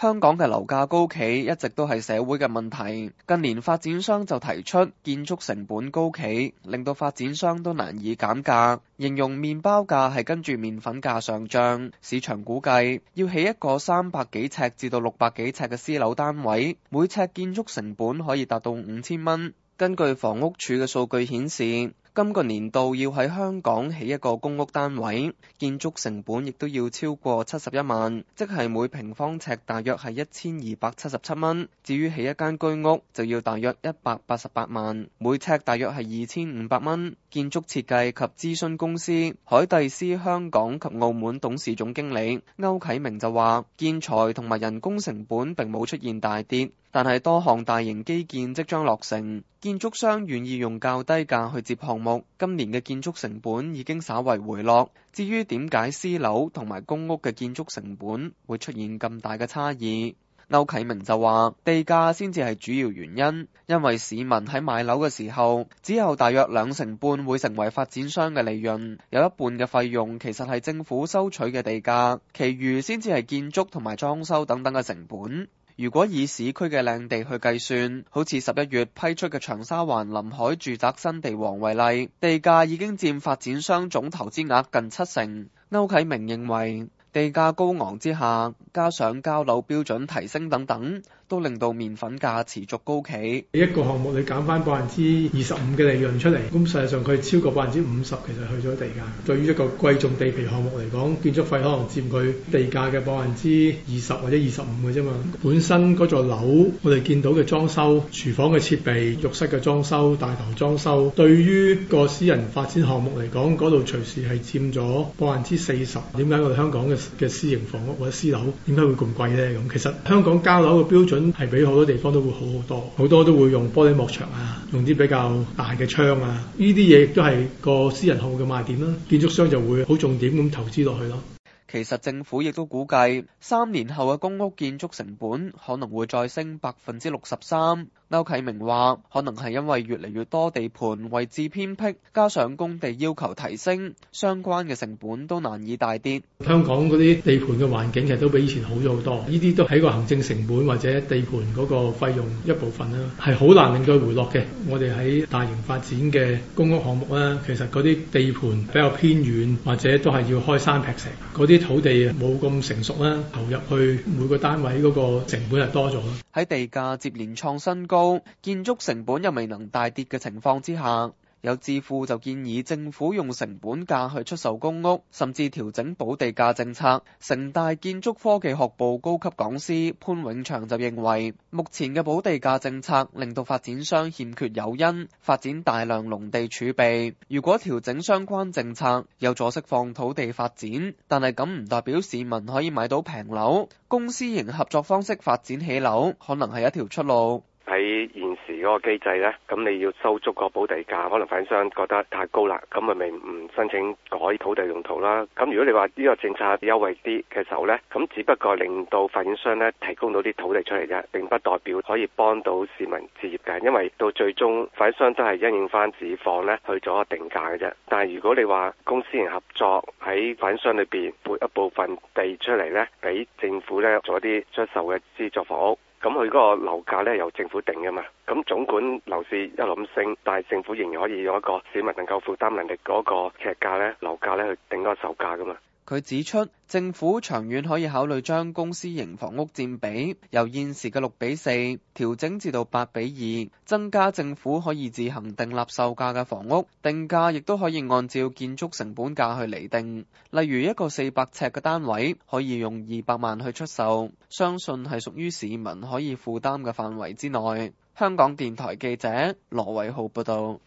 香港嘅樓價高企一直都係社會嘅問題，近年發展商就提出建築成本高企，令到發展商都難以減價，形容麵包價係跟住麵粉價上漲。市場估計要起一個三百幾尺至到六百幾尺嘅私樓單位，每尺建築成本可以達到五千蚊。根據房屋署嘅數據顯示，今個年度要喺香港起一個公屋單位，建築成本亦都要超過七十一萬，即係每平方尺大約係一千二百七十七蚊。至於起一間居屋，就要大約一百八十八萬，每尺大約係二千五百蚊。建築設計及諮詢公司海蒂斯香港及澳門董事總經理歐啟明就話，建材同埋人工成本並冇出現大跌。但係多項大型基建即將落成，建築商願意用較低價去接項目。今年嘅建築成本已經稍為回落。至於點解私樓同埋公屋嘅建築成本會出現咁大嘅差異，歐啟明就話地價先至係主要原因。因為市民喺買樓嘅時候，只有大約兩成半會成為發展商嘅利潤，有一半嘅費用其實係政府收取嘅地價，其餘先至係建築同埋裝修等等嘅成本。如果以市區嘅靚地去計算，好似十一月批出嘅長沙灣臨海住宅新地王為例，地價已經佔發展商總投資額近七成。歐啟明認為。地價高昂之下，加上交樓標準提升等等，都令到麵粉價持續高企。一個項目你減翻百分之二十五嘅利潤出嚟，咁實際上佢超過百分之五十，其實去咗地價。對於一個貴重地皮項目嚟講，建築費可能佔佢地價嘅百分之二十或者二十五嘅啫嘛。本身嗰座樓，我哋見到嘅裝修、廚房嘅設備、浴室嘅裝修、大堂裝修，對於個私人發展項目嚟講，嗰度隨時係佔咗百分之四十。點解我哋香港嘅嘅私營房屋或者私樓，點解會咁貴咧？咁其實香港交樓嘅標準係比好多地方都會好好多，好多都會用玻璃幕牆啊，用啲比較大嘅窗啊，依啲嘢，亦都係個私人號嘅賣點啦、啊。建築商就會好重點咁投資落去咯。其實政府亦都估計三年後嘅公屋建築成本可能會再升百分之六十三。歐啟明話，可能係因為越嚟越多地盤位置偏僻，加上工地要求提升，相關嘅成本都難以大跌。香港嗰啲地盤嘅環境其實都比以前好咗好多，呢啲都係個行政成本或者地盤嗰個費用一部分啦，係好難令佢回落嘅。我哋喺大型發展嘅公屋項目咧，其實嗰啲地盤比較偏遠，或者都係要開山劈石啲。土地啊冇咁成熟啦，投入去每個單位嗰個成本係多咗啦。喺地價接連創新高，建築成本又未能大跌嘅情況之下。有智庫就建議政府用成本價去出售公屋，甚至調整補地價政策。城大建築科技學部高級講師潘永祥就認為目前嘅補地價政策令到發展商欠缺誘因發展大量農地儲備，如果調整相關政策，有助釋放土地發展，但係咁唔代表市民可以買到平樓，公私營合作方式發展起樓可能係一條出路。喺現時嗰個機制呢，咁你要收足個補地價，可能發展商覺得太高啦，咁咪咪唔申請改土地用途啦。咁如果你話呢個政策優惠啲嘅時候呢，咁只不過令到發展商呢提供到啲土地出嚟啫，並不代表可以幫到市民置業嘅，因為到最終發展商都係因應翻自己放呢去做定價嘅啫。但係如果你話公私營合作喺發展商裏邊撥一部分地出嚟呢，俾政府呢做一啲出售嘅資助房屋。咁佢嗰個樓價咧由政府定嘅嘛，咁儘管樓市一路咁升，但係政府仍然可以用一個市民能夠負擔能力嗰個尺價咧樓價咧去定嗰個售價嘅嘛。佢指出，政府長遠可以考慮將公私營房屋佔比由現時嘅六比四調整至到八比二，增加政府可以自行訂立售價嘅房屋，定價亦都可以按照建築成本價去釐定。例如一個四百尺嘅單位可以用二百萬去出售，相信係屬於市民可以負擔嘅範圍之內。香港電台記者羅偉豪報道。